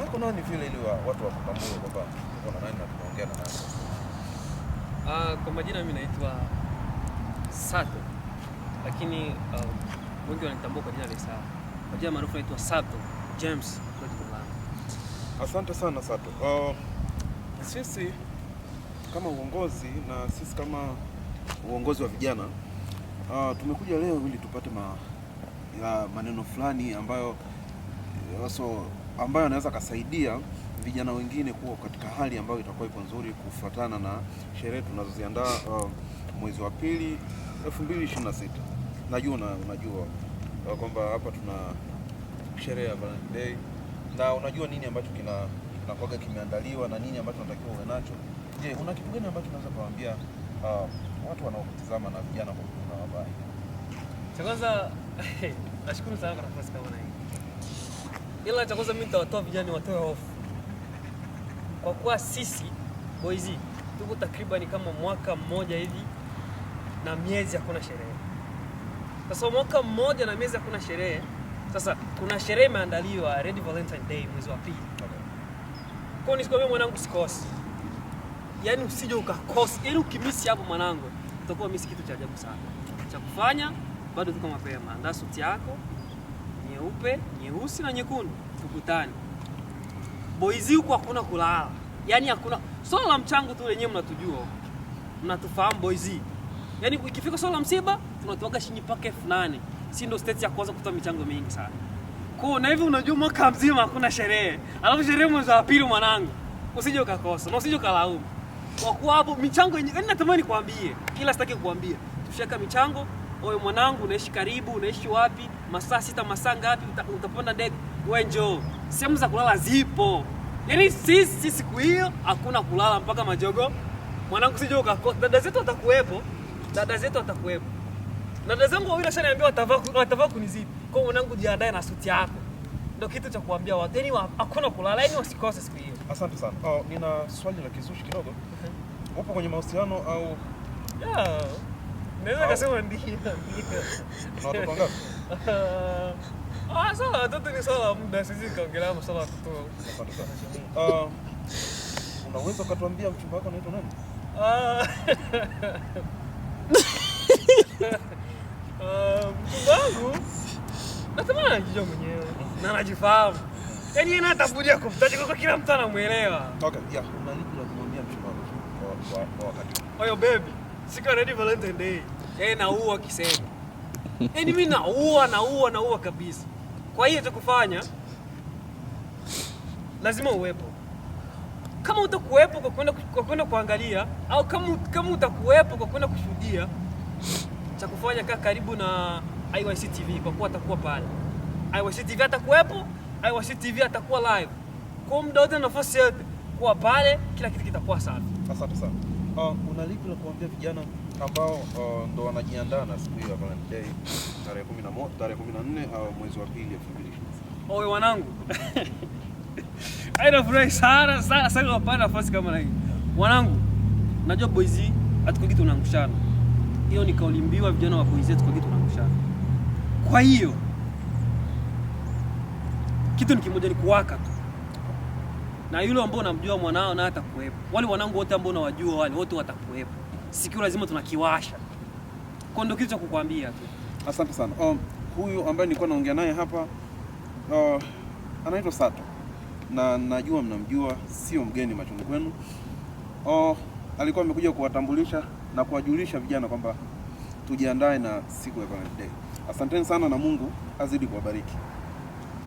wako vile ili watu wakutambue kwamba uko na nani na tunaongea na nani? Ah, kwa majina mimi naitwa Sato. Lakini uh, wengi wanitambua kwa jina la Isaya. Kwa jina maarufu naitwa Sato James Asante sana Sato. Uh, sisi kama uongozi na sisi kama uongozi wa vijana uh, tumekuja leo ili tupate ma, ya maneno fulani ambayo eh, so ambayo anaweza akasaidia vijana wengine kuwa katika hali ambayo itakuwa iko nzuri kufuatana na sherehe tunazoziandaa uh, mwezi wa pili 2026. Najua na, unajua uh, kwamba hapa tuna sherehe ya Valentine Day na unajua nini ambacho kina kinakuwaga kimeandaliwa na nini ambacho natakiwa uwe nacho. Je, una kitu gani ambacho unaweza kuambia uh, watu wanaokutazama na vijana kwa ujumla? Cha kwanza nashukuru sana kwa nafasi kama hii. Ila cha kwanza mimi nitawatoa vijana watoe hofu, kwa kuwa sisi boys tuko takriban kama mwaka mmoja hivi na miezi hakuna sherehe. Sasa mwaka mmoja na miezi hakuna sherehe, sasa kuna sherehe imeandaliwa Red Valentine Day mwezi wa pili. Kwa nini sikwambia mwanangu sikosi? Yaani usije ukakosi. ili yaani ukimisi hapo mwanangu, utakuwa misi kitu cha ajabu sana cha kufanya. Bado tuko mapema, andaa suti yako nyeupe, nyeusi na nyekundu tukutane. Boizi huko hakuna kulala, yaani hakuna swala la mchango tu, lenyewe mnatujua, mnatufahamu boizi. Yaani ikifika swala la msiba tunatoaga shilingi mpaka elfu nane si ndo state ya kwanza kutoa michango mingi sana kwa na hivi, unajua mwaka mzima hakuna sherehe, alafu sherehe mwezi wa pili, mwanangu, usije ukakosa na usije ukalaumu kwa kuwa hapo michango yenyewe. Yaani natamani kuambie, ila sitaki kuambia, tushaka michango oye, mwanangu, unaishi karibu, unaishi wapi, masaa sita, masaa ngapi, utapanda ndege, wewe njoo. Sehemu za kulala zipo, yaani sisi si, siku hiyo hakuna kulala mpaka majogo, mwanangu, sije ukakosa. Dada zetu watakuwepo, dada zetu watakuwepo, dada zangu wawili ashaniambia watavaa, watavaa kunizidi. Kwa hiyo mwanangu, jiandae na suti yako, ndio kitu cha kuambia watu, yaani hakuna kulala, yaani wasikose siku hiyo. Asante sana. Oh, nina swali la kizushi kidogo. Upo kwenye mahusiano au? Yeah mandi. kasema ndio. Ndio. Uh, ah, sala watoto ni sala muda sisi kaongelea masuala ya watoto. Ah. Um, Unaweza Eh, mchumba wako anaitwa nani? Ah. Ah, mchumba wangu. Nasema anajijua mwenyewe. Na anajifahamu. Yaani yeye anatafutia kwa kila mtu anamuelewa. Okay, yeah. Kwa wakati. Oyo baby siku ya eh, naua kisema eh, mimi naua naua naua kabisa. Kwa hiyo tukufanya lazima uwepo. Kama utakuwepo kwa kwenda kwa kwenda kuangalia au kama kama utakuwepo kwa kwenda kushuhudia, cha kufanya kaa karibu na IYC TV kwa kuwa atakuwa pale. IYC TV atakuwepo, IYC TV atakuwa live. Kwa muda wote nafasi yote kuwa pale, kila kitu kitakuwa safi. Asante sana. Uh, ah, una lipi la kuambia vijana ambao uh, ndo wanajiandaa na siku hiyo ya Valentine tarehe 11 tarehe 14 au ah, mwezi wa pili 2025? Owe wanangu. Aina furahi sana sana sana kwa nafasi kama hii. Wanangu, najua boys hii hatuko kitu tunaangushana. Hiyo ni kauli mbiu vijana wa boys hatuko kitu tunaangushana. Kwa hiyo kitu ni kimoja ni kuwaka tu na yule ambao unamjua mwanao naye atakuwepo, wale wanangu wote ambao unawajua wale wote watakuwepo. Sikio lazima tunakiwasha, kwa ndio kitu cha kukwambia tu. Asante sana. Um, huyu ambaye nilikuwa naongea naye hapa uh, anaitwa Sato na najua mnamjua, sio mgeni machoni kwenu. Uh, alikuwa amekuja kuwatambulisha na kuwajulisha vijana kwamba tujiandae na siku ya Valentine Day. Asanteni sana na Mungu azidi kuwabariki.